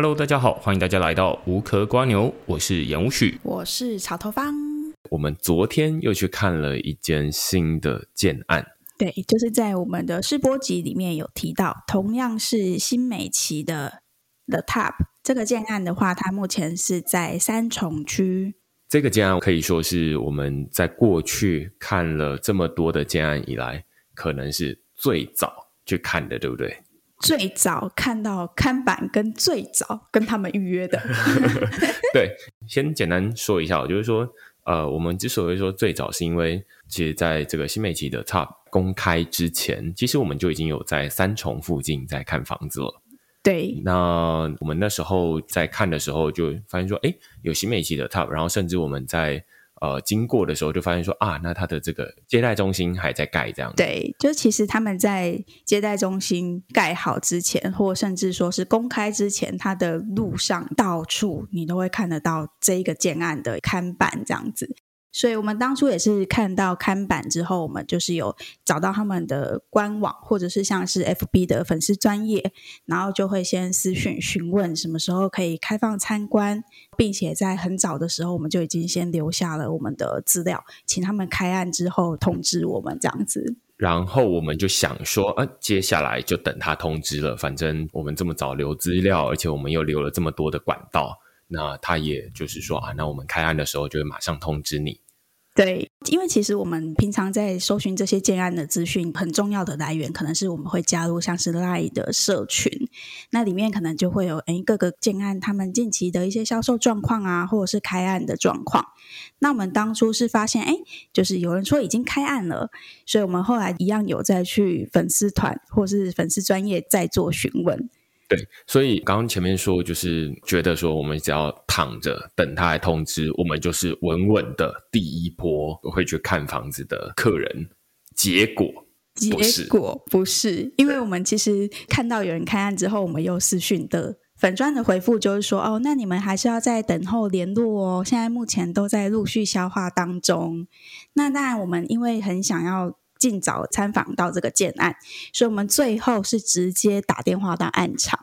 Hello，大家好，歡迎大家來到無殼蝸牛，我是嚴武許，我是草頭方。我們昨天又去看了一件新的建案，對，就是在我們的試播集裡面有提到，同樣是新美齊的 The Top 這個建案的話，它目前是在三重區。這個建案可以說是我們在過去看了這麼多的建案以來，可能是最早去看的，對不對？最早看到看板，跟最早跟他們預約的 。對，先簡單說一下，就是說，呃，我們之所以說最早，是因為其實在這個新美齊的 Top 公開之前，其實我們就已經有在三重附近在看房子了。對，那我們那時候在看的時候，就發現說，哎，有新美齊的 Top，然後甚至我們在。呃，經過的時候就發現說啊，那他的這個接待中心還在蓋這樣。對，就其實他們在接待中心蓋好之前，或甚至說是公開之前，他的路上到處你都會看得到這一個建案的看板這樣子。所以，我們當初也是看到看板之後，我們就是有找到他們的官網，或者是像是 FB 的粉絲專頁，然後就會先私訊詢問什麼時候可以開放參觀，並且在很早的時候，我們就已經先留下了我們的資料，請他們開案之後通知我們這樣子。然後我們就想說，呃、啊，接下來就等他通知了，反正我們這麼早留資料，而且我們又留了這麼多的管道。那他也就是說啊，那我們開案的時候就會馬上通知你。對，因為其實我們平常在搜尋這些建案的資訊，很重要的來源可能是我們會加入像是 Line 的社群，那裡面可能就會有哎、欸、各個建案他們近期的一些銷售狀況啊，或者是開案的狀況。那我們當初是發現哎、欸，就是有人說已經開案了，所以我們後來一樣有再去粉絲團或是粉絲專頁再做詢問。對，所以剛剛前面說，就是覺得說，我們只要躺着等他來通知，我們就是穩穩的第一波會去看房子的客人。結果，結果不是，因為我們其實看到有人開案之後，我們有私訊的粉專的回覆，就是說，哦，那你們還是要再等候聯絡哦，現在目前都在陸續消化當中。那當然，我們因為很想要。儘早參訪到這個建案，所以我們最後是直接打電話到案場。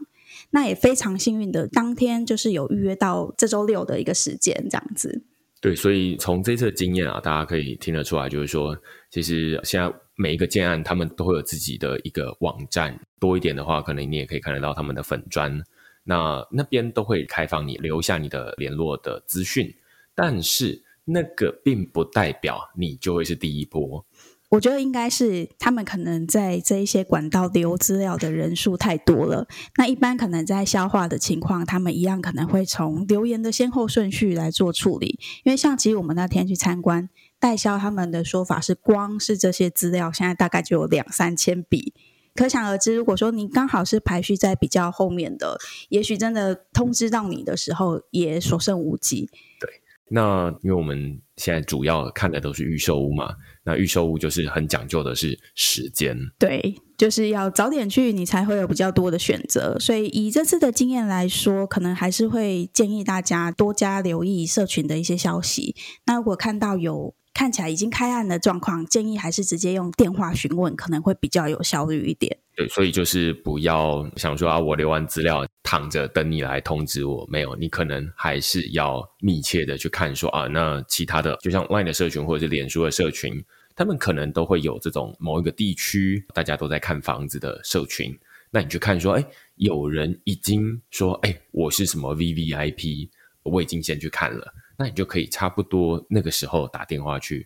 那也非常幸運的，當天就是有預約到這週六的一個時間，這樣子。對，所以從這次的經驗啊，大家可以聽得出來，就是說，其實現在每一個建案，他們都會有自己的一個網站。多一點的話，可能你也可以看得到他們的粉專。那那邊都會開放你留下你的聯絡的資訊，但是那個並不代表你就會是第一波。我覺得應該是他們可能在這一些管道留資料的人數太多了。那一般可能在消化的情況，他們一樣可能會從留言的先後順序來做處理。因為像其實我們那天去參觀代銷，他們的說法是，光是這些資料現在大概就有兩三千筆，可想而知，如果說你剛好是排序在比較後面的，也許真的通知到你的時候也所剩無幾。對，那因為我們現在主要看的都是預售屋嘛。那預售屋就是很講究的是時間，對，就是要早點去，你才會有比較多的選擇。所以以這次的經驗來說，可能還是會建議大家多加留意社群的一些消息。那如果看到有看起來已經開案的狀況，建議還是直接用電話詢問，可能會比較有效率一點。對，所以就是不要想說啊，我留完資料躺着等你來通知我，沒有，你可能還是要密切的去看說啊，那其他的就像 Line 的社群或者是臉書的社群。他們可能都會有這種某一個地區大家都在看房子的社群，那你去看說，哎、欸，有人已經說，哎、欸，我是什麼 VVIP，我已經先去看了，那你就可以差不多那個時候打電話去，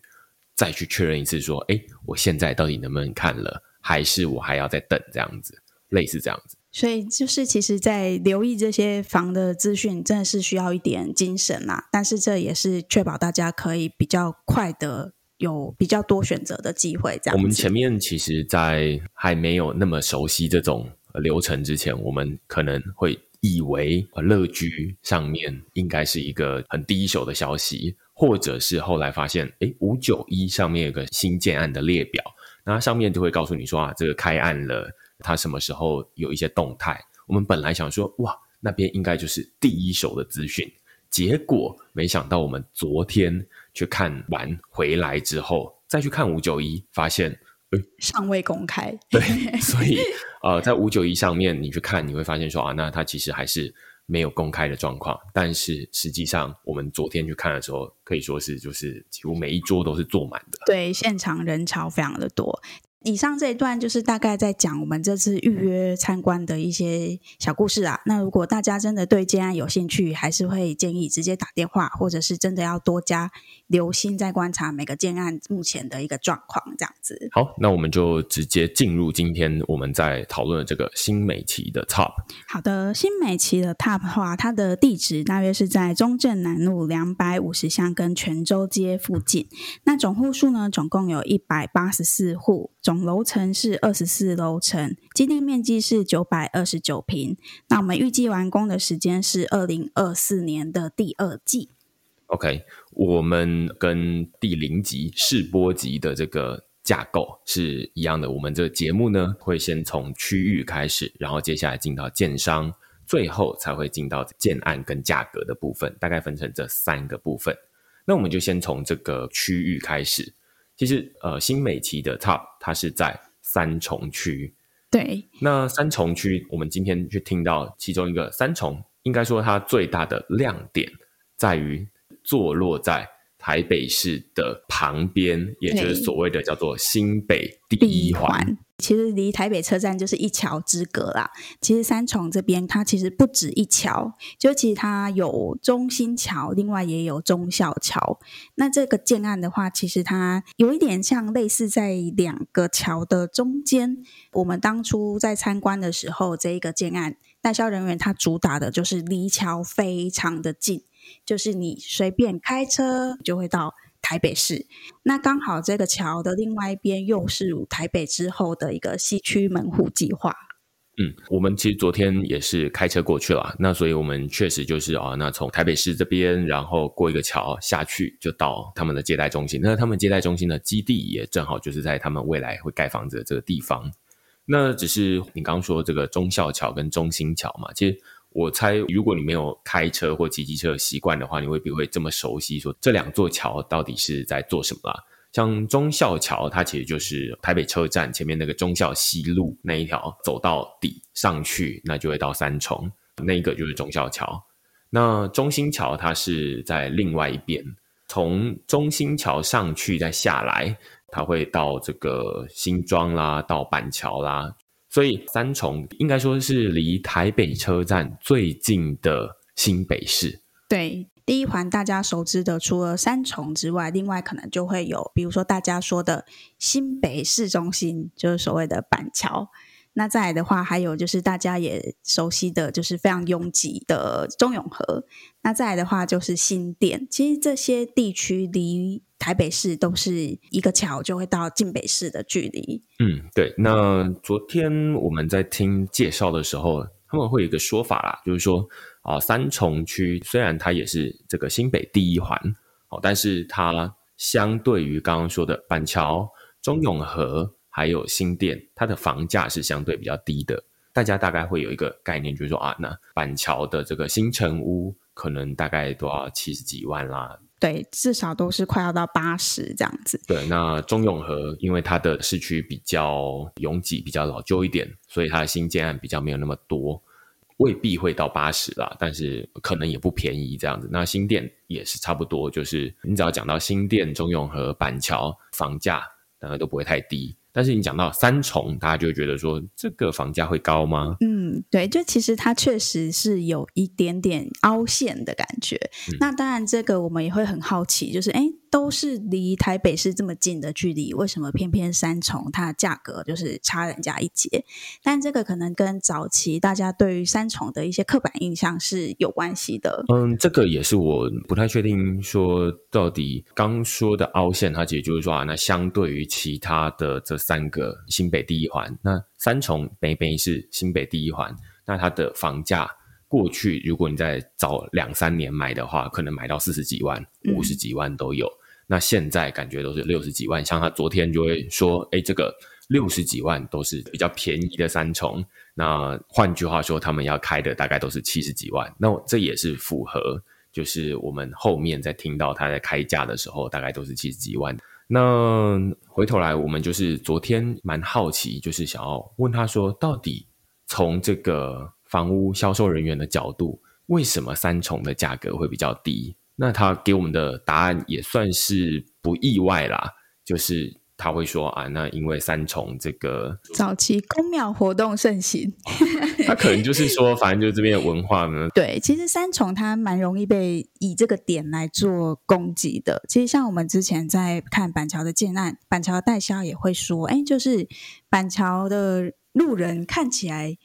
再去確認一次，說，哎、欸，我現在到底能不能看了，還是我還要再等這樣子，類似這樣子。所以就是其實，在留意這些房的資訊，真的是需要一點精神啦。但是這也是確保大家可以比較快的。有比較多選擇的機會，這樣子。 我們前面其實，在還沒有那麼熟悉這種流程之前，我們可能會以為樂居上面應該是一個很第一手的消息，或者是後來發現，誒，五九一上面有個新建案的列表，那上面就會告訴你說啊，這個開案了，它什麼時候有一些動態。我們本來想說，哇，那邊應該就是第一手的資訊，結果沒想到我們昨天。去看完回來之後，再去看五九一，發現、嗯、尚未公開。 對，所以呃，在五九一上面你去看，你會發現說啊，那他其實還是沒有公開的狀況。但是實際上，我們昨天去看的時候，可以說是就是幾乎每一桌都是坐滿的，對，現場人潮非常的多。以上這一段就是大概在講我們這次預約參觀的一些小故事啊。那如果大家真的對建案有興趣，還是會建議直接打電話，或者是真的要多加留心，在觀察每個建案目前的一個狀況，這樣子。好，那我們就直接進入今天我們在討論的這個新美齊的 Top。好的，新美齊的 Top 的話，它的地址大約是在中正南路兩百五十巷跟泉州街附近。那總戶數呢，總共有一百八十四戶。總樓層是二十四樓層，基地面積是九百二十九坪。那我們預計完工的時間是二零二四年的第二季。OK，我們跟第零集、試播集的這個架構是一樣的。我們這個節目呢，會先從區域開始，然後接下來進到建商，最後才會進到建案跟價格的部分，大概分成這三個部分。那我們就先從這個區域開始。其實，呃，新美齊的 top。它是在三重區，對。那三重區，我們今天去聽到其中一個三重，應該說它最大的亮點在於坐落在台北市的旁邊，也就是所謂的叫做新北第一環。其實離台北車站就是一橋之隔啦。其實三重這邊，它其實不止一橋，就其實它有中興橋，另外也有忠孝橋。那這個建案的話，其實它有一點像類似在兩個橋的中間。我們當初在參觀的時候，這一個建案代銷人員他主打的就是離橋非常的近，就是你隨便開車就會到。台北市，那剛好這個橋的另外一邊又是台北之後的一個西區門戶計劃。嗯，我們其實昨天也是開車過去了，那所以我們確實就是啊，那從台北市這邊，然後過一個橋下去就到他們的接待中心。那他們接待中心的基地也正好就是在他們未來會蓋房子的這個地方。那只是你剛剛說這個忠孝橋跟中興橋嘛，其實。我猜，如果你沒有開車或騎機車習慣的話，你未必會這麼熟悉，說這兩座橋到底是在做什麼啦，啊？像忠孝橋，它其實就是台北車站前面那個忠孝西路那一條，走到底上去，那就會到三重，那一個就是忠孝橋。那中興橋它是在另外一邊，從中興橋上去再下來，它會到這個新莊啦，到板橋啦。所以三重應該說是離台北車站最近的新北市。對，第一環大家熟知的除了三重之外，另外可能就會有，比如說大家說的新北市中心，就是所謂的板橋。那再來的話，還有就是大家也熟悉的就是非常擁擠的中永和。那再來的話就是新店，其實這些地區離台北市都是一個橋就會到新北市的距離。嗯，對。那昨天我們在聽介紹的時候，他們會有一個說法啦，就是說啊，三重區雖然它也是這個新北第一環，哦，但是它相對於剛剛說的板橋、中永和。還有新店，它的房價是相對比較低的，大家大概會有一個概念，就是說啊，那板橋的這個新成屋可能大概都要七十幾萬啦，對，至少都是快要到八十這樣子。對，那中永和因為它的市區比較擁擠、比較老舊一點，所以它的新建案比較沒有那麼多，未必會到八十啦，但是可能也不便宜這樣子。那新店也是差不多，就是你只要講到新店、中永和、板橋房價，大概都不會太低。但是你講到三重，大家就覺得說這個房價會高嗎？嗯，對，就其實它確實是有一點點凹陷的感覺。嗯，那當然，這個我們也會很好奇，就是哎。誒都是離台北市這麼近的距離，為什麼偏偏三重它價格就是差人家一截？但這個可能跟早期大家對於三重的一些刻板印象是有關係的。嗯，這個也是我不太確定，說到底剛說的凹陷，它其實就是說啊，那相對於其他的這三個新北第一環，那三重北北是新北第一環，那它的房價過去如果你在早兩三年買的話，可能買到四十幾萬、嗯、五十幾萬都有。那現在感覺都是六十幾萬，像他昨天就會說，哎，這個六十幾萬都是比較便宜的三重。那換句話說，他們要開的大概都是七十幾萬。那這也是符合，就是我們後面在聽到他在開價的時候，大概都是七十幾萬。那回頭來，我們就是昨天蠻好奇，就是想要問他說，到底從這個房屋銷售人員的角度，為什麼三重的價格會比較低？那他給我們的答案也算是不意外啦，就是他會說啊，那因為三重這個早期宮廟活動盛行， 他可能就是說，反正就是這邊的文化呢。對，其實三重它蠻容易被以這個點來做攻擊的。其實像我們之前在看板橋的建案，板橋的代銷也會說，哎，就是板橋的路人看起來，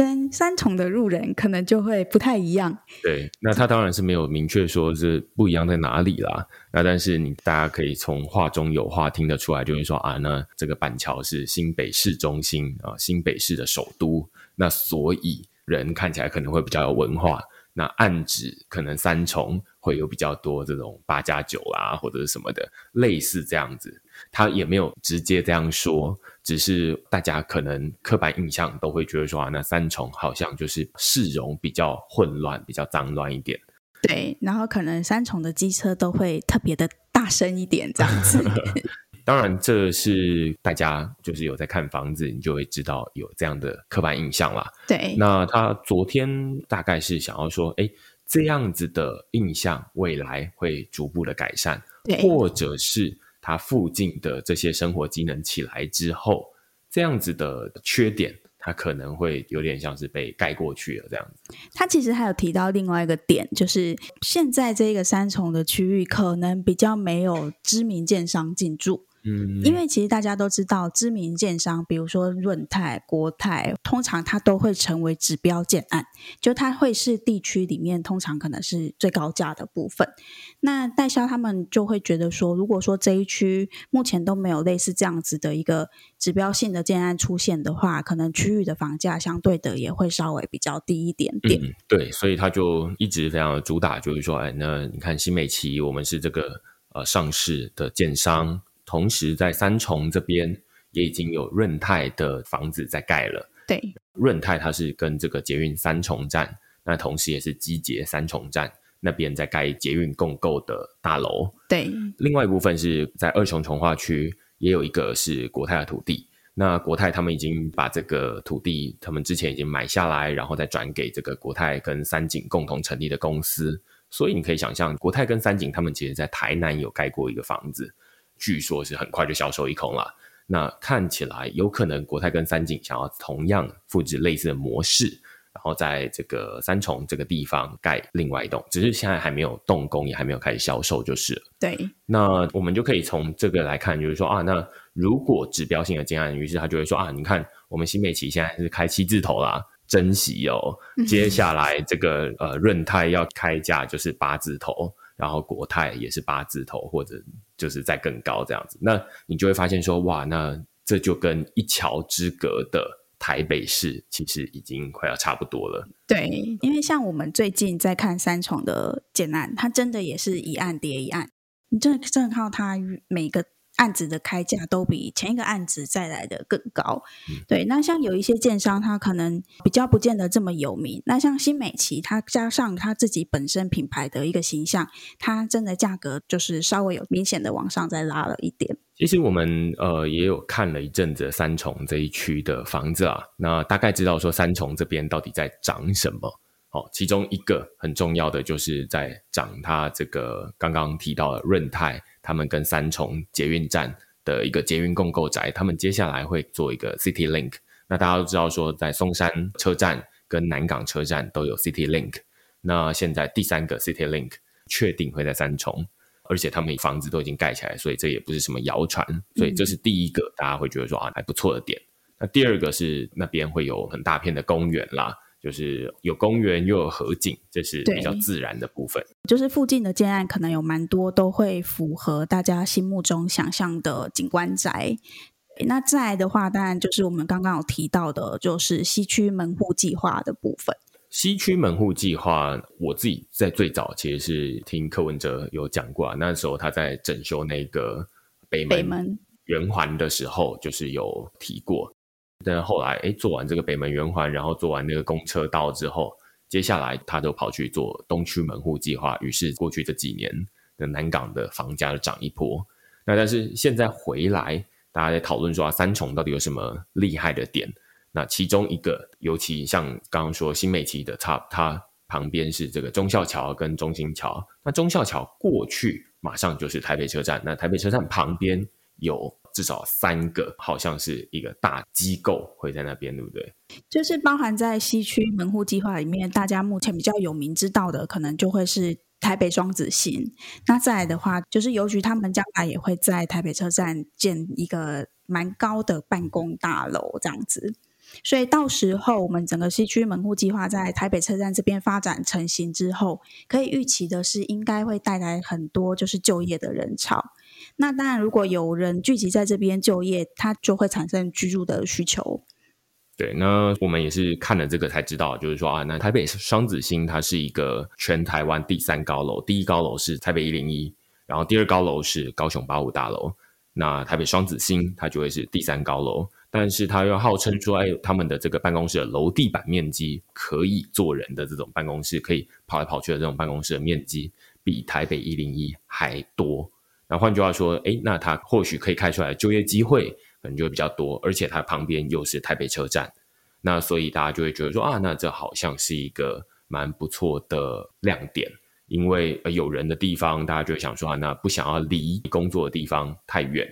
跟三重的路人可能就會不太一樣。對，那他當然是沒有明確說是不一樣在哪裡啦。那但是你大家可以從話中有話聽得出來，就是說啊，那這個板橋是新北市中心啊，新北市的首都，那所以人看起來可能會比較有文化。那暗指可能三重會有比較多這種八加九啊或者是什麼的，類似這樣子。他也沒有直接這樣說，只是大家可能刻板印象都會覺得說啊，那三重好像就是市容比較混亂，比較髒亂一點。對，然後可能三重的機車都會特別的大聲一點這樣子。 當然，這是大家就是有在看房子，你就會知道有這樣的刻板印象了。對，那他昨天大概是想要說，哎，這樣子的印象未來會逐步的改善，對，或者是。它附近的這些生活機能起來之後，這樣子的缺點，它可能會有點像是被蓋過去了這樣子。他其實還有提到另外一個點，就是現在這個三重的區域可能比較沒有知名建商進駐。嗯，因為其實大家都知道，知名建商，比如說潤泰、國泰，通常它都會成為指標建案，就它會是地區裡面通常可能是最高價的部分。那代銷他們就會覺得說，如果說這一區目前都沒有類似這樣子的一個指標性的建案出現的話，可能區域的房價相對的也會稍微比較低一點點。嗯、對，所以他就一直非常的主打，就是說，哎，那你看新美齊，我們是這個、呃、上市的建商。同時，在三重這邊也已經有潤泰的房子在蓋了。對，潤泰它是跟這個捷運三重站，那同時也是機捷三重站那邊在蓋捷運共構的大樓。對，另外一部分是在二重重劃區，也有一個是國泰的土地。那國泰他們已經把這個土地，他們之前已經買下來，然後再轉給這個國泰跟三井共同成立的公司。所以你可以想象，國泰跟三井他們其實在台南有蓋過一個房子，據說，是很快就銷售一空了。那看起來有可能國泰跟三井想要同樣複製類似的模式，然後在這個三重這個地方蓋另外一棟，只是現在還沒有動工，也還沒有開始銷售，就是了。對。那我們就可以從這個來看，就是說啊，那如果指標性的建案，於是他就會說啊，你看我們新美齊現在還是開七字頭啦、啊，珍惜哦，接下來這個呃潤泰要開價就是八字頭，然後國泰也是八字頭或者。就是再更高這樣子，那你就會發現說，哇，那這就跟一橋之隔的台北市其實已經快要差不多了。對，因為像我們最近在看三重的建案，它真的也是一案疊一案，你真的真的靠它每個。案子的開價都比前一個案子再來的更高，嗯、對。那像有一些建商，他可能比較不見得這麼有名。那像新美齊，它加上它自己本身品牌的一個形象，它真的價格就是稍微有明顯的往上再拉了一點。其實我們呃也有看了一陣子三重這一區的房子啊，那大概知道說三重這邊到底在漲什麼。好、哦，其中一個很重要的就是在漲，它這個剛剛提到的潤泰。他們跟三重捷運站的一個捷運共構宅，他們接下來會做一個 City Link。那大家都知道說，在松山車站跟南港車站都有 City Link，那現在第三個 City Link 確定會在三重，而且他們房子都已經蓋起來，所以這也不是什麼謠傳。所以這是第一個、嗯、大家會覺得說啊，還不錯的點。那第二個是那邊會有很大片的公園啦。就是有公園又有河景，這是比較自然的部分。就是附近的建案可能有蠻多都會符合大家心目中想象的景觀宅。那再來的話，當然就是我們剛剛有提到的，就是西區門戶計劃的部分。西區門戶計劃，我自己在最早其實是聽柯文哲有講過，啊，那時候他在整修那個北門圓環的時候，就是有提過。但是後來，哎，做完這個北門圓環，然後做完那個公車道之後，接下來他就跑去做東區門戶計劃。於是過去這幾年的南港的房價就漲一波。那但是現在回來，大家在討論說啊，三重到底有什麼厲害的點？那其中一個，尤其像剛剛說新美齊的 top 它旁邊是這個忠孝橋跟中興橋。那忠孝橋過去，馬上就是台北車站。那台北車站旁邊有。至少三個，好像是一個大機構會在那邊，對不對？就是包含在西區門戶計劃裡面，大家目前比較有名知道的，可能就會是台北雙子星。那再來的話，就是郵局，他們將來也會在台北車站建一個蠻高的辦公大樓這樣子。所以到時候我們整個西區門戶計劃在台北車站這邊發展成型之後，可以預期的是，應該會帶來很多就是就業的人潮。那當然，如果有人聚集在這邊就業，他就會產生居住的需求。對，那我們也是看了這個才知道，就是說啊，那台北雙子星它是一個全台灣第三高樓，第一高樓是台北一零一，然後第二高樓是高雄八五大樓，那台北雙子星它就會是第三高樓，但是它又號稱說，欸他們的這個辦公室的樓地板面積，可以坐人的這種辦公室，可以跑來跑去的這種辦公室的面積比台北一零一還多。那換句話說，哎、欸，那它或許可以開出來的就業機會，可能就會比較多，而且它旁邊又是台北車站，那所以大家就會覺得說啊，那這好像是一個蠻不錯的亮點，因為有人的地方，大家就會想說啊，那不想要離工作的地方太遠，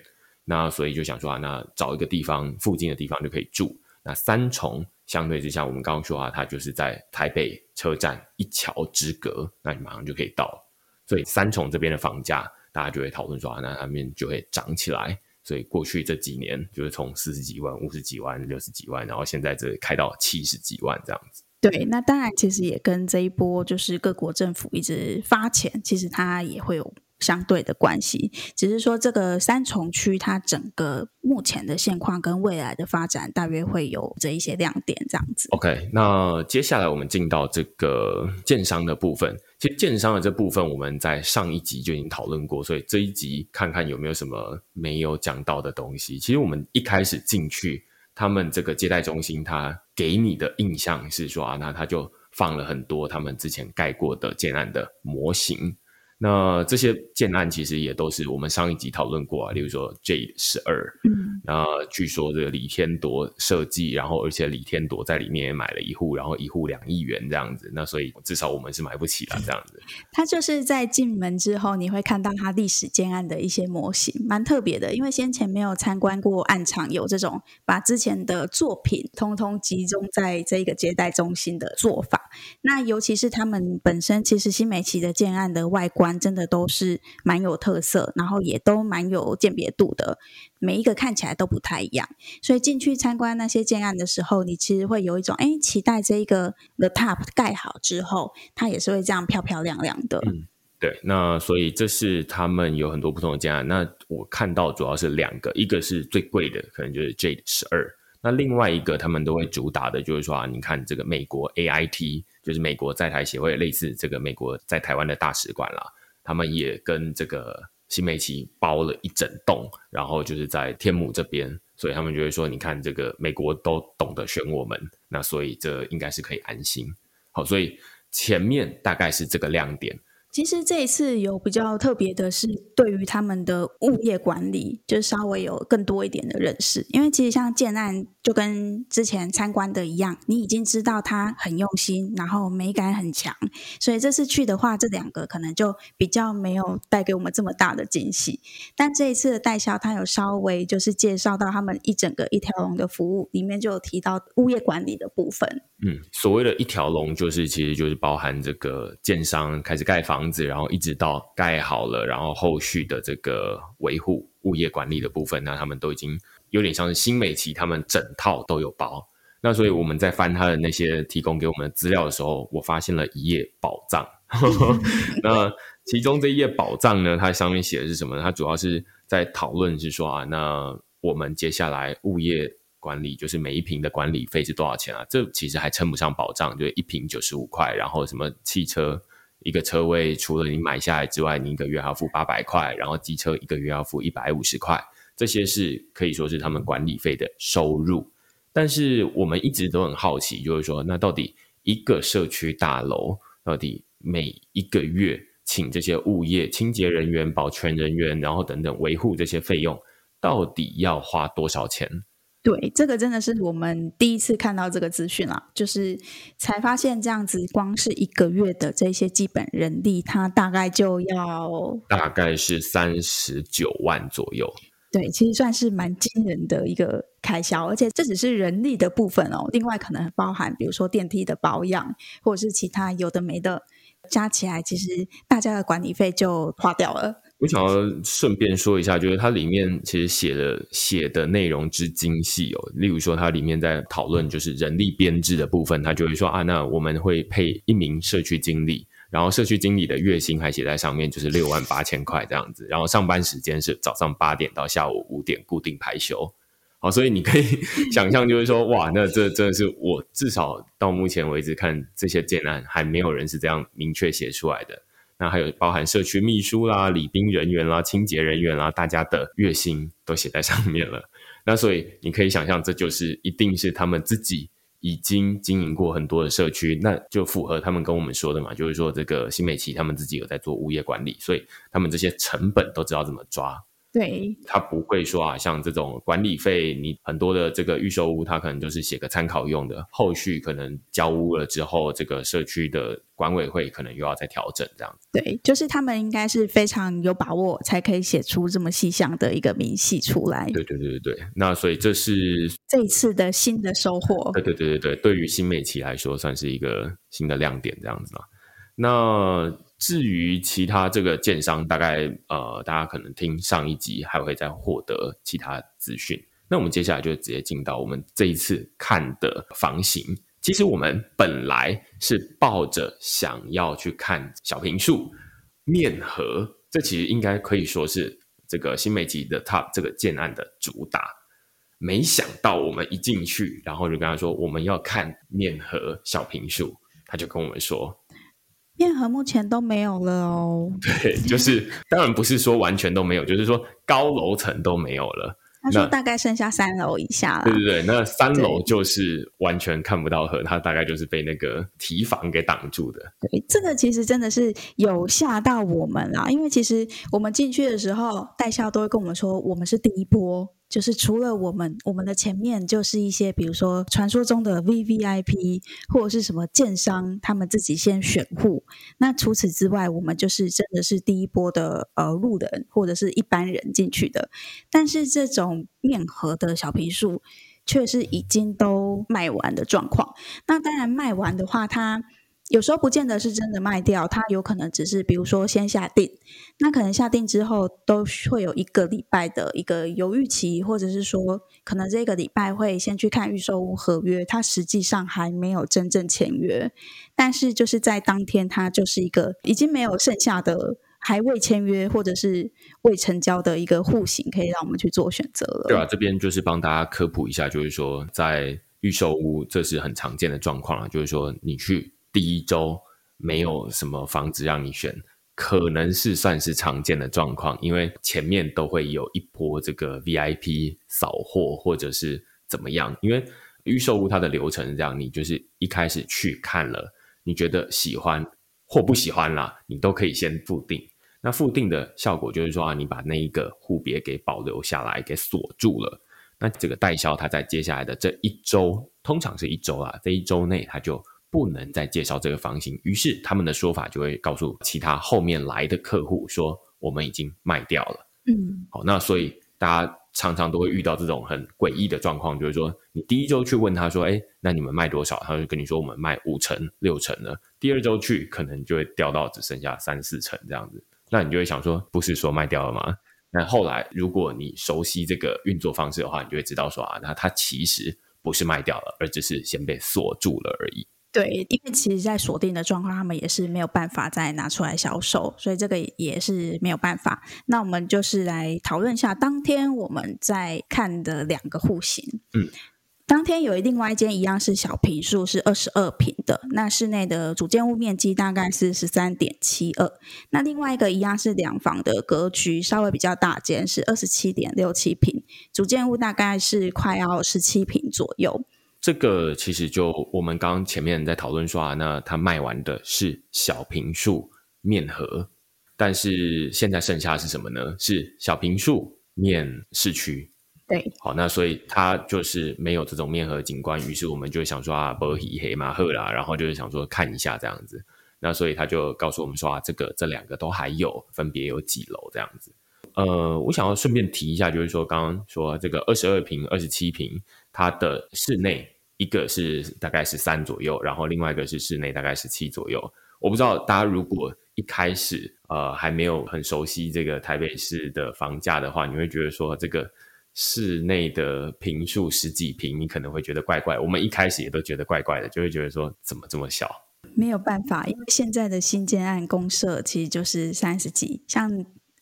那所以就想說啊，那找一個地方附近的地方就可以住。那三重相對之下，我們剛剛說啊，它就是在台北車站一橋之隔，那你馬上就可以到，所以三重這邊的房價。大家就會討論說啊，那它面就會漲起來，所以過去這幾年就是從四十幾萬、五十幾萬、六十幾萬，然後現在這開到七十幾萬這樣子。對，那當然其實也跟這一波就是各國政府一直發錢，其實它也會有。相對的關係，只是說這個三重區它整個目前的現況跟未來的發展，大約會有這一些亮點這樣子。OK，那接下來我們進到這個建商的部分。其實建商的這部分我們在上一集就已經討論過，所以這一集看看有沒有什麼沒有講到的東西。其實我們一開始進去，他們這個接待中心，他給你的印象是說啊，那他就放了很多他們之前蓋過的建案的模型。那這些建案其實也都是我們上一集討論過啊，例如說 J 十二，嗯，那據說這個李天鐸設計，然後而且李天鐸在裡面也買了一戶，然後一戶兩億元這樣子，那所以至少我們是買不起了這樣子。他就是在進門之後，你會看到他歷史建案的一些模型，蠻特別的，因為先前沒有參觀過案場，有這種把之前的作品通通集中在這個接待中心的做法。那尤其是他們本身其實新美齊的建案的外觀。真的都是蠻有特色，然後也都蠻有鑑別度的，每一個看起來都不太一樣。所以進去參觀那些建案的時候，你其實會有一種哎，期待這一個 the top 蓋好之後，它也是會這樣漂漂亮亮的。嗯，對。那所以這是他們有很多不同的建案。那我看到主要是兩個，一個是最貴的，可能就是 J 十二。那另外一個他們都會主打的就是說、啊，你看這個美國 AIT，就是美國在台協會，類似這個美國在台灣的大使館啦。他們也跟這個新美齊包了一整棟，然後就是在天母這邊，所以他們就會說：“你看，這個美國都懂得選我們，那所以這應該是可以安心。”好，所以前面大概是這個亮點。其實這一次有比較特別的是，對於他們的物業管理，就是稍微有更多一點的認識。因為其實像建案，就跟之前參觀的一樣，你已經知道他很用心，然後美感很強。所以這次去的話，這兩個可能就比較沒有帶給我們這麼大的驚喜。但這一次的代銷，他有稍微就是介紹到他們一整個一條龍的服務，裡面就有提到物業管理的部分。嗯，所謂的一條龍，就是其實就是包含這個建商開始蓋房。子，然後一直到蓋好了，然後後續的這個維護、物業管理的部分，那他們都已經有點像是新美齊，他們整套都有包。那所以我們在翻他的那些提供給我們的資料的時候，我發現了一頁寶藏。呵呵，那其中這一頁寶藏呢，它上面寫的是什麼呢？它主要是在討論是說啊，那我們接下來物業管理就是每一坪的管理費是多少錢啊？這其實還稱不上寶藏，就一坪九十五塊，然後什麼汽車。一個車位除了你買下來之外，你一個月還要付八百塊，然後機車一個月要付一百五十塊，這些是可以說是他們管理費的收入。但是我們一直都很好奇，就是說，那到底一個社區大樓到底每一個月請這些物業清潔人員、保全人員，然後等等維護這些費用，到底要花多少錢？對，這個真的是我們第一次看到這個資訊了，啊，就是才發現這樣子，光是一個月的這些基本人力，它大概就要大概是三十九萬左右。對，其實算是蠻驚人的一個開銷，而且這只是人力的部分哦，另外可能包含比如說電梯的保養，或者是其他有的沒的，加起來其實大家的管理費就花掉了。我想要順便說一下，就是它裡面其實寫的寫的內容之精細哦，例如說它裡面在討論就是人力編製的部分，它就會說啊，那我們會配一名社區經理，然後社區經理的月薪還寫在上面，就是六萬八千塊這樣子，然後上班時間是早上八點到下午五點固定排休，好，所以你可以 想象就是說哇，那這真的是我至少到目前為止看這些建案還沒有人是這樣明確寫出來的。那還有包含社區秘書啦、禮賓人員啦、清潔人員啦，大家的月薪都寫在上面了。那所以你可以想象，這就是一定是他們自己已經經營過很多的社區，那就符合他們跟我們說的嘛，就是說這個新美齊他們自己有在做物業管理，所以他們這些成本都知道怎麼抓。對，他不會說啊，像這種管理費，你很多的這個預售屋，他可能就是寫個參考用的，後續可能交屋了之後，這個社區的管委會可能又要再調整這樣。對，就是他們應該是非常有把握，才可以寫出這麼細項的一個明細出來。對對對對，對那所以這是這一次的新的收穫。對，對對對對對，對於新美齊來說，算是一個新的亮點這樣子嘛？那。至於其他這個建商，大概呃，大家可能聽上一集還會再獲得其他資訊。那我們接下來就直接進到我們這一次看的房型。其實我們本來是抱着想要去看小坪數、面和，這其實應該可以說是這個新美齊的 top 這個建案的主打。沒想到我們一進去，然後就跟他說我們要看面和小坪數，他就跟我們說。汴河目前都沒有了哦。對，就是當然不是說完全都沒有，就是說高樓層都沒有了。他說大概剩下三樓以下了。對對對，那三樓就是完全看不到河，它大概就是被那個堤防給擋住的。對，這個其實真的是有嚇到我們啦，因為其實我們進去的時候，代銷都會跟我們說，我們是第一波。就是除了我們，我們的前面就是一些，比如說傳說中的 VVIP 或者是什麼建商，他們自己先選戶。那除此之外，我們就是真的是第一波的呃路人，或者是一般人進去的。但是這種面河的小坪數確實已經都賣完的狀況。那當然賣完的話，它，有時候不見得是真的賣掉，他有可能只是比如說先下定，那可能下定之後都會有一個禮拜的一個猶豫期，或者是說可能這個禮拜會先去看預售屋合約，他實際上還沒有真正簽約，但是就是在當天，他就是一個已經沒有剩下的還未簽約或者是未成交的一個戶型，可以讓我們去做選擇了。對啊，這邊就是幫大家科普一下，就是說在預售屋這是很常見的狀況了，就是說你去。第一周沒有什麼房子讓你選，可能是算是常見的狀況，因為前面都會有一波這個 VIP 掃貨或者是怎麼樣。因為預售屋它的流程是這樣，你就是一開始去看了，你覺得喜歡或不喜歡了，你都可以先付訂。那付訂的效果就是說啊，你把那一個戶別給保留下來，給鎖住了。那這個代銷它在接下來的這一周，通常是一周啊，這一周內它就。不能再介紹這個房型，於是他們的說法就會告訴其他後面來的客戶說，我們已經賣掉了。嗯，好，那所以大家常常都會遇到這種很詭異的狀況，就是說你第一周去問他說，哎，那你們賣多少？他就跟你說我們賣五成六成呢？第二周去可能就會掉到只剩下三四成這樣子。那你就會想說，不是說賣掉了嗎？那後來如果你熟悉這個運作方式的話，你就會知道說，啊，那它其實不是賣掉了，而只是先被鎖住了而已。對，因為其實，在鎖定的狀況，他們也是沒有辦法再拿出來銷售，所以這個也是沒有辦法。那我們就是來討論一下當天我們在看的兩個戶型。嗯，當天有另外一間一樣是小坪數，是二十二坪的，那室內的主建物面積大概是十三點七二。那另外一個一樣是兩房的格局，稍微比較大間是二十七點六七坪，主建物大概是快要十七坪左右。這個其實就我們剛剛前面在討論說啊，那他賣完的是小坪數面河，但是現在剩下是什麼呢？是小坪數面市區。對，好，那所以他就是沒有這種面河景觀，於是我們就想說啊，博喜黑馬赫啦，然後就是想說看一下這樣子，那所以他就告訴我們說啊，這個這兩個都還有，分別有幾樓這樣子。呃，我想要順便提一下，就是說剛剛說這個二十二坪、二十七坪。它的室內一個是大概是十三左右，然後另外一個是室內大概是十七左右。我不知道大家如果一開始呃還沒有很熟悉這個台北市的房價的話，你會覺得說這個室內的坪數十幾坪，你可能會覺得怪怪。我們一開始也都覺得怪怪的，就會覺得說怎麼這麼小？沒有辦法，因為現在的新建案公設其實就是三十幾，像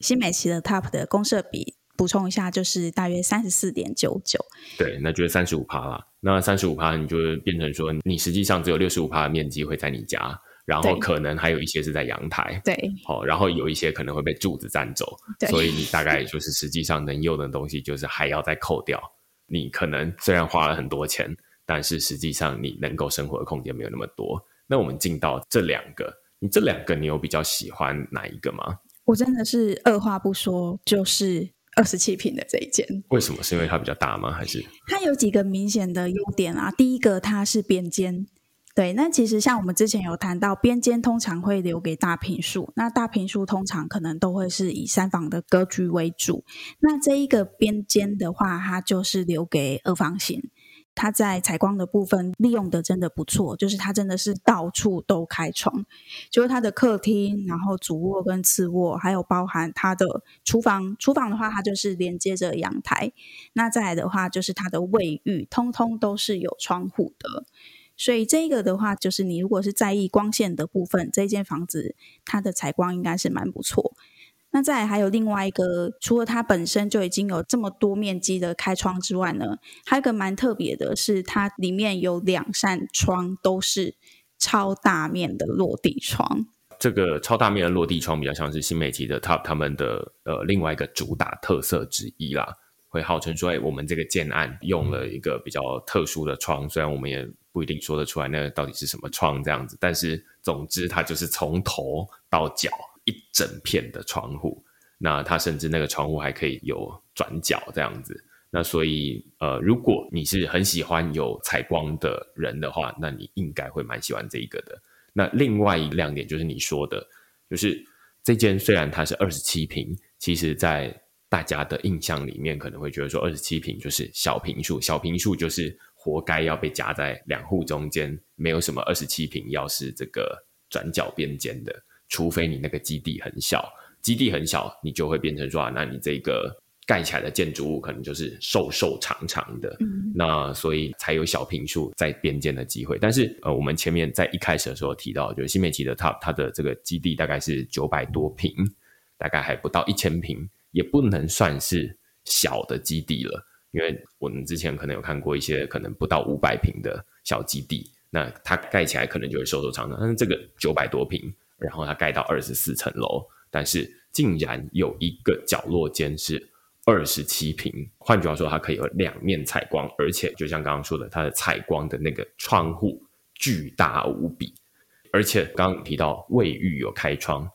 新美齊的 Top 的公設比。補充一下，就是大約三十四點九九，對，那就是三十五趴啦，那三十五趴你就變成說，你實際上只有六十五趴的面積會在你家，然後可能還有一些是在陽台，對，好，哦，然後有一些可能會被柱子占走，對，所以你大概就是實際上能用的東西，就是還要再扣掉。 你可能雖然花了很多錢，但是實際上你能夠生活的空間沒有那麼多。那我們進到這兩個，你這兩個，你有比較喜歡哪一個嗎？我真的是二話不說，就是。二十七坪的這一間，為什麼？是因為它比較大嗎？還是它有幾個明顯的優點啊？第一個，它是邊間，對。那其實像我們之前有談到，邊間通常會留給大坪數，那大坪數通常可能都會是以三房的格局為主。那這一個邊間的話，它就是留給二房型。它在採光的部分利用的真的不錯，就是它真的是到處都開窗，就是它的客廳，然後主臥跟次臥，還有包含它的廚房。廚房的話它就是連接着陽台，那再來的話就是它的衛浴，通通都是有窗戶的，所以這個的話就是你如果是在意光線的部分，這間房子它的採光應該是蠻不錯。那再來還有另外一個，除了它本身就已經有這麼多面積的開窗之外呢，還有一個蠻特別的是，它裡面有兩扇窗都是超大面的落地窗。這個超大面的落地窗比較像是新美齊的 Top，他們的呃、另外一個主打特色之一啦，會號稱說，哎、欸，我們這個建案用了一個比較特殊的窗，雖然我們也不一定說得出來那個到底是什麼窗這樣子，但是總之它就是從頭到腳。一整片的窗戶，那它甚至那個窗戶還可以有轉角這樣子。那所以，呃，如果你是很喜歡有採光的人的話，那你應該會蠻喜歡這一個的。那另外一個亮點就是你說的，就是這間雖然它是二十七平，其實在大家的印象裡面可能會覺得說二十七平就是小平數，小平數就是活該要被夾在兩戶中間，沒有什麼二十七平要是這個轉角邊間的。除非你那個基地很小，基地很小，你就會變成說，啊，那你這個蓋起來的建築物可能就是瘦瘦長長的。嗯、那所以才有小坪數在邊建的機會。但是呃，我們前面在一開始的時候提到，就是新美齊的 Top 它，它的這個基地大概是九百多坪，大概還不到一千坪，也不能算是小的基地了。因為我們之前可能有看過一些可能不到五百坪的小基地，那它蓋起來可能就會瘦瘦長長，但是這個九百多坪。然後它蓋到二十四層樓，但是竟然有一個角落間是二十七坪，換句話說，它可以有兩面採光，而且就像剛剛說的，它的採光的那個窗戶巨大無比，而且剛剛提到衛浴有開窗，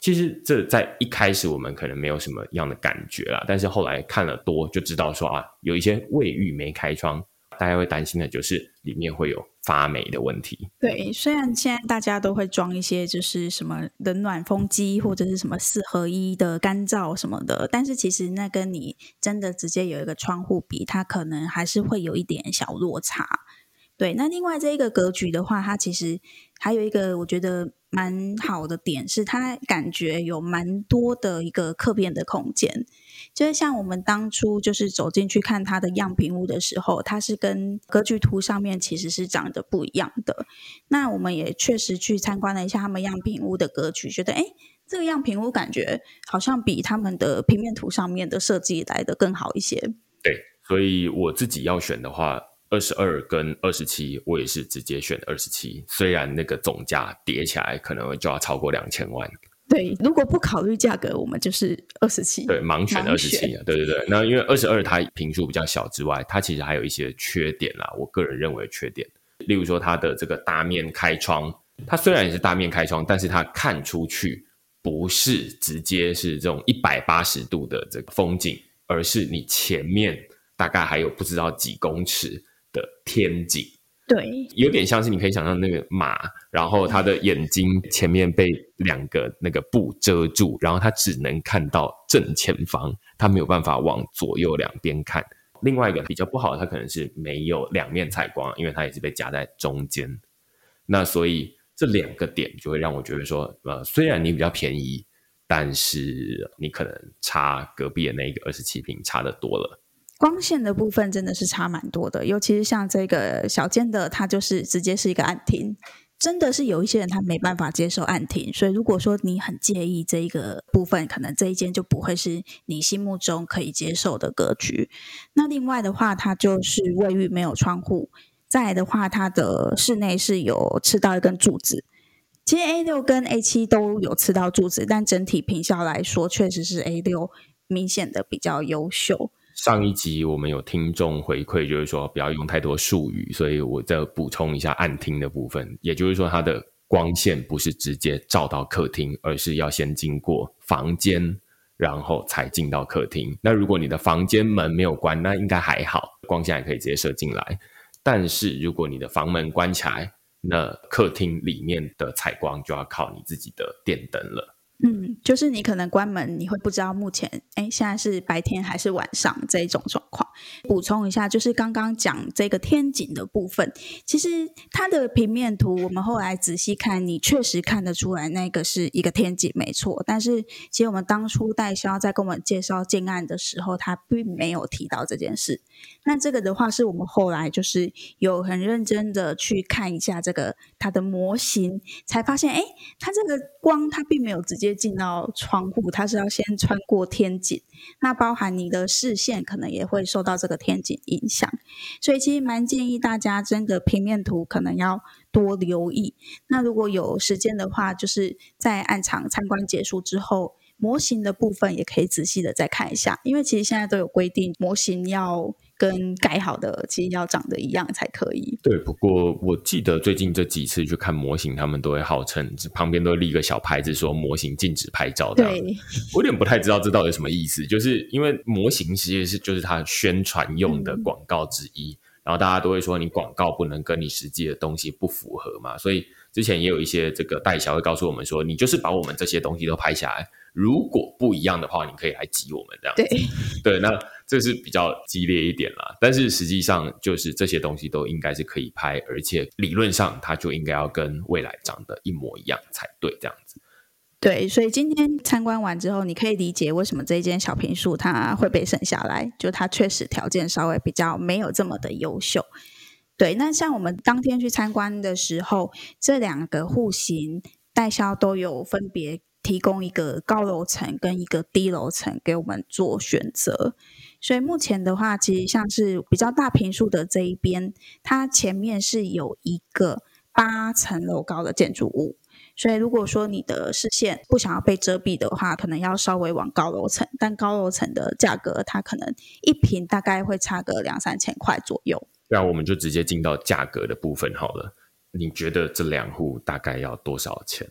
其實這在一開始我們可能沒有什麼樣的感覺啦，但是後來看了多就知道說啊，有一些衛浴沒開窗，大家會擔心的就是裡面會有。發霉的問題。對，雖然現在大家都會裝一些，就是什麼冷暖風機或者是什麼四合一的乾燥什麼的，但是其實那跟你真的直接有一個窗戶比，它可能還是會有一點小落差。對，那另外這一個格局的話，它其實還有一個，我覺得。蠻好的點是，它感覺有蠻多的一個客變的空間，就是像我們當初就是走進去看它的樣品屋的時候，它是跟格局圖上面其實是長得不一樣的。那我們也確實去參觀了一下他們樣品屋的格局，覺得誒，這個樣品屋感覺好像比他們的平面圖上面的設計來得更好一些。對，所以我自己要選的話。二十二跟二十七，我也是直接選二十七。雖然那個總價疊起來可能就要超過兩千萬。對，如果不考慮價格，我們就是二十七。對，盲選二十七。對對對。那因為二十二它坪數比較小之外，它其實還有一些缺點啦、啊。我個人認為缺點，例如說它的這個大面開窗，它雖然也是大面開窗，但是它看出去不是直接是這種一百八十度的這個風景，而是你前面大概還有不知道幾公尺。的天井，對，有點像是，你可以想象那個馬，然後它的眼睛前面被兩個那個布遮住，然後它只能看到正前方，它沒有辦法往左右兩邊看。另外一個比較不好的，它可能是沒有兩面採光，因為它也是被夾在中間。那所以這兩個點就會讓我覺得說，呃，雖然你比較便宜，但是你可能差隔壁的那個二十七坪差得多了。光線的部分真的是差蠻多的，尤其是像這個小間的，它就是直接是一個暗廳，真的是有一些人他沒辦法接受暗廳，所以如果說你很介意這個部分，可能這一間就不會是你心目中可以接受的格局。那另外的話，它就是衛浴沒有窗戶，再來的話，它的室內是有吃到一根柱子。其實 A 六跟 A 七都有吃到柱子，但整體坪效來說，確實是 A 六明顯的比較優秀。上一集我們有聽眾回饋，就是說不要用太多術語，所以我再補充一下暗廳的部分，也就是說它的光線不是直接照到客廳，而是要先經過房間，然後才進到客廳。那如果你的房間門沒有關，那應該還好，光線還可以直接射進來。但是如果你的房門關起來，那客廳裡面的採光就要靠你自己的電燈了。嗯，就是你可能關門，你會不知道目前哎、欸、現在是白天還是晚上這一種狀況。補充一下，就是剛剛講這個天井的部分，其實它的平面圖我們後來仔細看，你確實看得出來那個是一個天井沒錯。但是，其實我們當初代銷在跟我們介紹建案的時候，他並沒有提到這件事。那這個的話，是我們後來就是有很認真的去看一下這個它的模型，才發現哎、欸，它這個光它並沒有直接。接近到窗戶，它是要先穿過天井，那包含你的視線可能也會受到這個天井影響，所以其實蠻建議大家真的平面圖可能要多留意。那如果有時間的話，就是在案場參觀結束之後，模型的部分也可以仔細的再看一下，因為其實現在都有規定模型要。跟改好的其實要長得一樣才可以。對，不過我記得最近這幾次去看模型，他們都會號稱旁邊都立一個小牌子，說模型禁止拍照的。對，我有點不太知道這到底什麼意思。就是因為模型其實是就是它宣傳用的廣告之一，嗯，然後大家都會說你廣告不能跟你實際的東西不符合嘛，所以。之前也有一些這個代銷會告訴我們說，你就是把我們這些東西都拍下來，如果不一樣的話，你可以來擠我們這樣子對。對，那這是比較激烈一點啦。但是實際上，就是這些東西都應該是可以拍，而且理論上它就應該要跟未來長得一模一樣才對。這樣子。對，所以今天參觀完之後，你可以理解為什麼這間小坪數它會被剩下來，就它確實條件稍微比較沒有這麼的優秀。對，那像我們當天去參觀的時候，這兩個戶型代銷都有分別提供一個高樓層跟一個低樓層給我們做選擇。所以目前的話，其實像是比較大坪數的這一邊，它前面是有一個八層樓高的建築物，所以如果說你的視線不想要被遮蔽的話，可能要稍微往高樓層。但高樓層的價格，它可能一坪大概會差個兩三千塊左右。那我們就直接進到價格的部分好了。你覺得這兩戶大概要多少錢？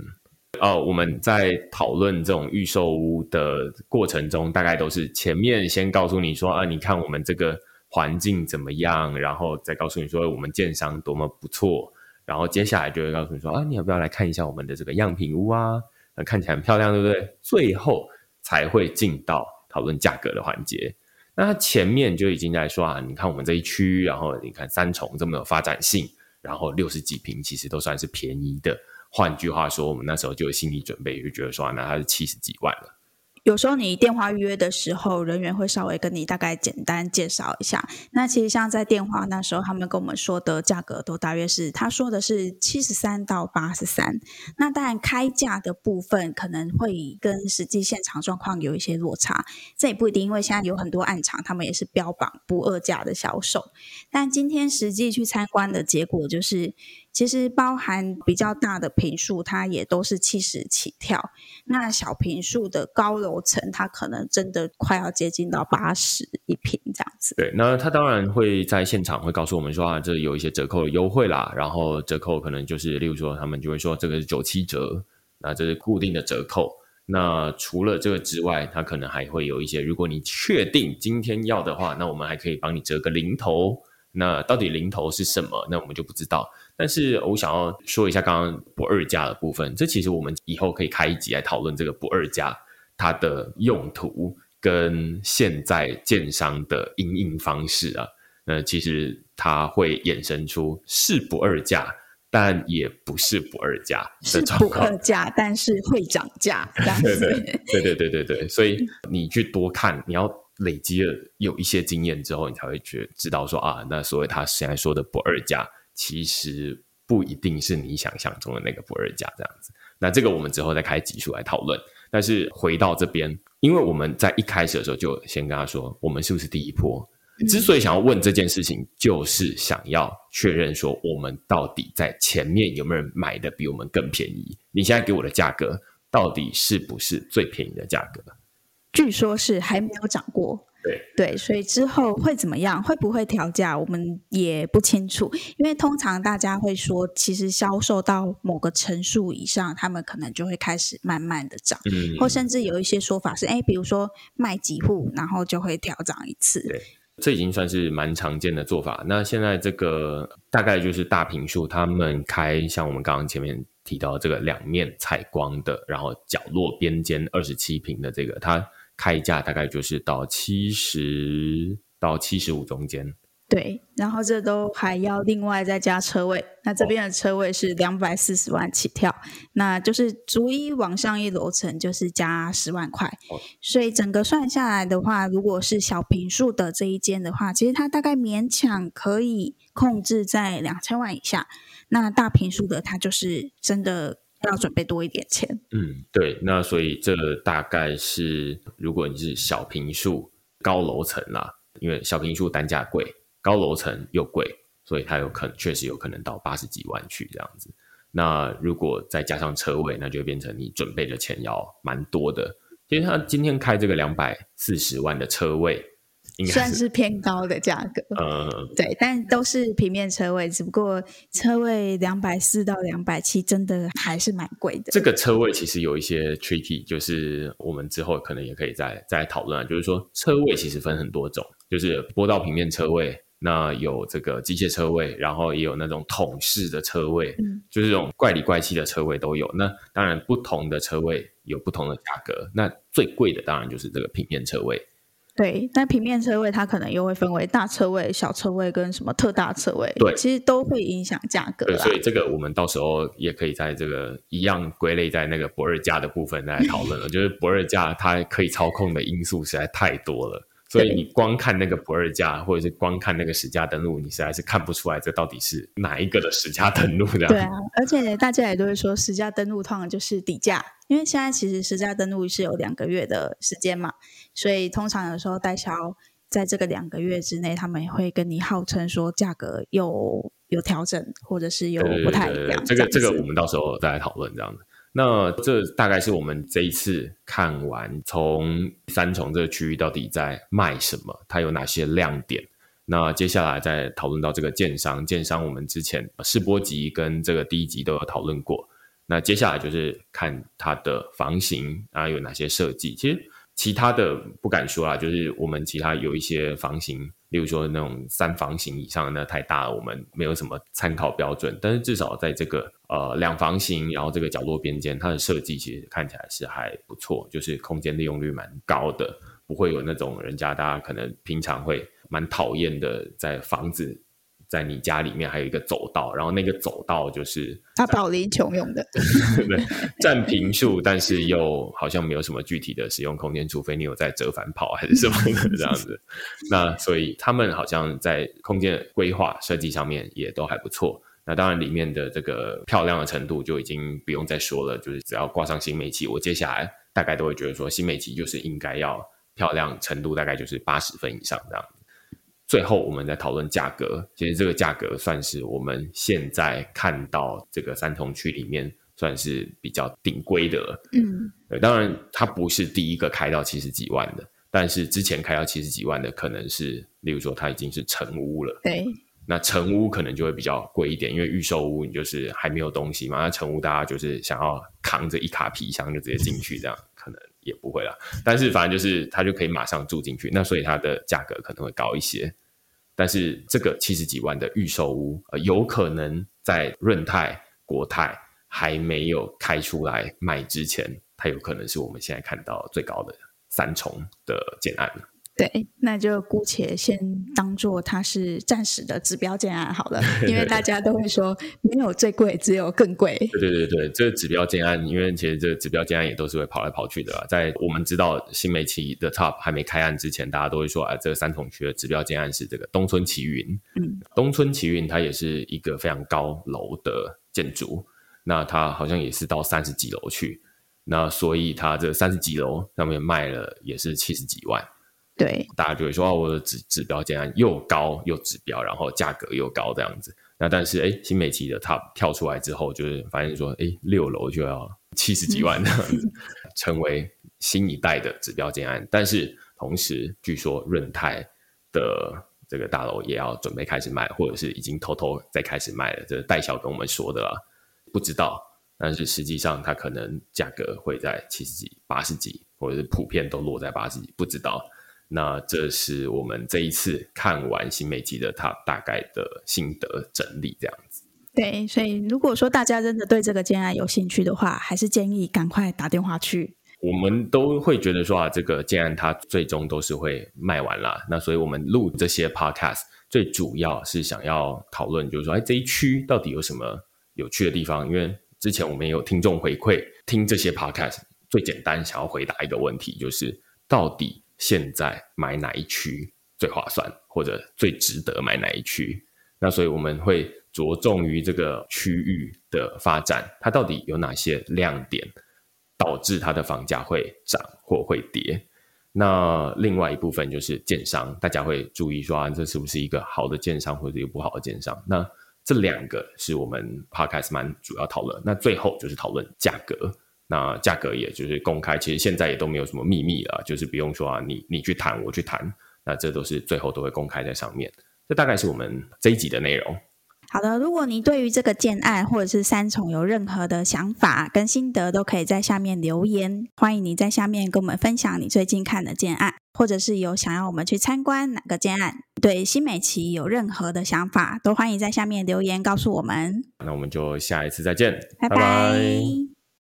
哦，我們在討論這種預售屋的過程中，大概都是前面先告訴你說，啊，你看我們這個環境怎麼樣，然後再告訴你說我們建商多麼不錯，然後接下來就會告訴你說，啊，你要不要來看一下我們的這個樣品屋啊？那看起來很漂亮，對不對？最後才會進到討論價格的環節。那前面就已經在說啊，你看我們這一區，然後你看三重這麼有發展性，然後六十幾坪其實都算是便宜的。換句話說，我們那時候就有心理準備，就覺得說啊，那它是七十幾萬了。有時候你電話預約的時候，人員會稍微跟你大概簡單介紹一下。那其實像在電話那時候，他們跟我們說的價格都大約是，他說的是七十三到八十三。那當然開價的部分可能會跟實際現場狀況有一些落差，這也不一定，因為現在有很多暗場，他們也是標榜不二價的銷售。但今天實際去參觀的結果就是。其實包含比較大的坪數，它也都是七十起跳。那小坪數的高樓層，它可能真的快要接近到八十一坪這樣子。對，那他當然會在現場會告訴我們說啊，這有一些折扣的優惠啦，然後折扣可能就是，例如說他們就會說這個是九七折，那這是固定的折扣。那除了這個之外，它可能還會有一些，如果你確定今天要的話，那我們還可以幫你折個零頭。那到底零頭是什麼？那我們就不知道。但是我想要說一下剛剛不二價的部分，這其實我們以後可以開一集來討論這個不二價它的用途跟現在建商的因應方式啊，那其實它會衍生出是不二價，但也不是不二價，是不二價，但是會漲價。 對對對對對對對，所以你去多看，你要累積了有一些經驗之後，你才會覺知道說啊，那所謂他現在說的不二價。其實不一定是你想象中的那個不二價這樣子。那這個我們之後再開集數來討論。但是回到這邊，因為我們在一開始的時候就先跟他說，我們是不是第一波、嗯？之所以想要問這件事情，就是想要確認說，我們到底在前面有沒有人買得比我們更便宜？你現在給我的價格，到底是不是最便宜的價格？據說是還沒有漲過。對，對，所以之後會怎麼樣？會不會調價？我們也不清楚，因為通常大家會說，其實銷售到某個層數以上，他們可能就會開始慢慢的漲，嗯，嗯，或甚至有一些說法是，哎，比如說賣幾戶、嗯，然後就會調漲一次。對，這已經算是蠻常見的做法。那現在這個大概就是大坪數，他們開像我們剛剛前面提到這個兩面採光的，然後角落邊間二十七坪的這個，它。開價大概就是到七十到七十五中間，對，然後這都還要另外再加車位，那這邊的車位是兩百四十萬起跳，那就是逐一往上一樓層就是加十萬塊，oh. 所以整個算下來的話，如果是小坪數的這一間的話，其實它大概勉強可以控制在兩千萬以下，那大坪數的它就是真的。要準備多一點錢。嗯，對，那所以這大概是，如果你是小坪數，高樓層啦，因為小坪數單價貴，高樓層又貴，所以它有可能確實有可能到八十幾萬去這樣子。那如果再加上車位，那就變成你準備的錢要蠻多的。其實他今天開這個兩百四十萬的車位。應該是算是偏高的價格，呃、嗯，對，但都是平面車位，只不過車位兩百四到兩百七，真的還是蠻貴的。這個車位其實有一些 tricky，就是我們之後可能也可以再再討論，就是說車位其實分很多種，就是坡道平面車位，那有這個機械車位，然後也有那種桶式的車位、嗯，就是這種怪裡怪氣的車位都有。那當然不同的車位有不同的價格，那最貴的當然就是這個平面車位。對，那平面車位它可能又會分為大車位、小車位跟什麼特大車位，對，其實都會影響價格啊。對，所以這個我們到時候也可以在這個一樣歸類在那個不二價的部分來討論了。 就是不二價它可以操控的因素實在太多了。所以你光看那個不二價，或者是光看那個實價登錄，你實在是看不出來這到底是哪一個的實價登錄這樣的對。對啊，而且大家也都會說實價登錄通常就是底價，因為現在其實實價登錄是有兩個月的時間嘛，所以通常有時候代銷在這個兩個月之內，他們會跟你號稱說價格有有調整，或者是有不太一樣。這樣，這個這個我們到時候再來討論這樣子。那這大概是我們這一次看完從三重這個區域到底在賣什麼，它有哪些亮點？那接下來再討論到這個建商，建商我們之前試播集跟這個第一集都有討論過。那接下來就是看它的房型啊，有哪些設計？其實其他的不敢說啊，就是我們其他有一些房型，例如說那種三房型以上的那太大了，我們沒有什麼參考標準。但是至少在這個。呃，兩房型，然後這個角落邊間，它的設計其實看起來是還不錯，就是空間利用率蠻高的，不會有那種人家大家可能平常會蠻討厭的，在房子，在你家裡面還有一個走道，然後那個走道就是他保齡球用的，占 坪數， 但是又好像沒有什麼具體的使用空間，除非你有在折返跑還是什麼的這樣子。 那所以他們好像在空間規劃設計上面也都還不錯。那當然，裡面的這個漂亮的程度就已經不用再說了，就是只要掛上新美齊，我接下來大概都會覺得說，新美齊就是應該要漂亮程度大概就是八十分以上這樣。最後我們再討論價格，其實這個價格算是我們現在看到這個三重區裡面算是比較頂規的。嗯，對，當然它不是第一個開到七十幾萬的，但是之前開到七十幾萬的可能是，例如說它已經是成屋了。對。那成屋可能就會比較貴一點，因為預售屋你就是還沒有東西嘛。那成屋大家就是想要扛着一卡皮箱就直接進去，這樣可能也不會啦。但是反正就是它就可以馬上住進去，那所以它的價格可能會高一些。但是這個七十幾萬的預售屋，呃，有可能在潤泰、國泰還沒有開出來賣之前，它有可能是我們現在看到最高的三重的建案。對，那就姑且先當做它是暫時的指標建案好了，因為大家都會說沒有最貴，只有更貴。 對對對對，這個指標建案，因為其實這個指標建案也都是會跑來跑去的啦。在我們知道新美齊的 Top 還沒開案之前，大家都會說啊，這個三重區的指標建案是這個東村奇雲。嗯，東村奇雲它也是一個非常高樓的建築，那它好像也是到三十幾樓去，那所以它這三十幾樓上面賣了也是七十幾萬。對，大家就會說哦、啊，我的指指標建案又高又指標，然後價格又高這樣子。那但是哎，新美齊的 The Top 跳出來之後，就是發現說，哎，六樓就要七十幾萬這樣子， 成為新一代的指標建案。但是同時，據說潤泰的這個大樓也要準備開始賣，或者是已經偷偷在開始賣了。這代、個、銷跟我們說的啦，不知道。但是實際上，它可能價格會在七十幾、八十幾，或者是普遍都落在八十幾，不知道。那這是我們這一次看完新美齊的它大概的心得整理，這樣子。對，所以如果說大家真的對這個建案有興趣的話，還是建議趕快打電話去。我們都會覺得說啊，這個建案它最終都是會賣完了。那所以我們錄這些 podcast，最主要是想要討論，就是說，哎，這一區到底有什麼有趣的地方？因為之前我們也有聽眾回饋，聽這些 podcast 最簡單想要回答一個問題，就是到底，現在買哪一區最划算，或者最值得買哪一區？那所以我們會着重於這個區域的發展，它到底有哪些亮點，導致它的房價會漲或會跌？那另外一部分就是建商，大家會注意說啊，這是不是一個好的建商，或者一個不好的建商？那這兩個是我們 podcast 蠻主要討論。那最後就是討論價格。那價格也就是公開，其實現在也都沒有什麼秘密了，就是不用說啊，你你去談，我去談，那這都是最後都會公開在上面。這大概是我們這一集的內容。好的，如果你對於這個建案或者是三重有任何的想法跟心得，都可以在下面留言。歡迎你在下面跟我們分享你最近看的建案，或者是有想要我們去參觀哪個建案，對新美齊有任何的想法，都歡迎在下面留言告訴我們。那我們就下一次再見，拜拜。Bye bye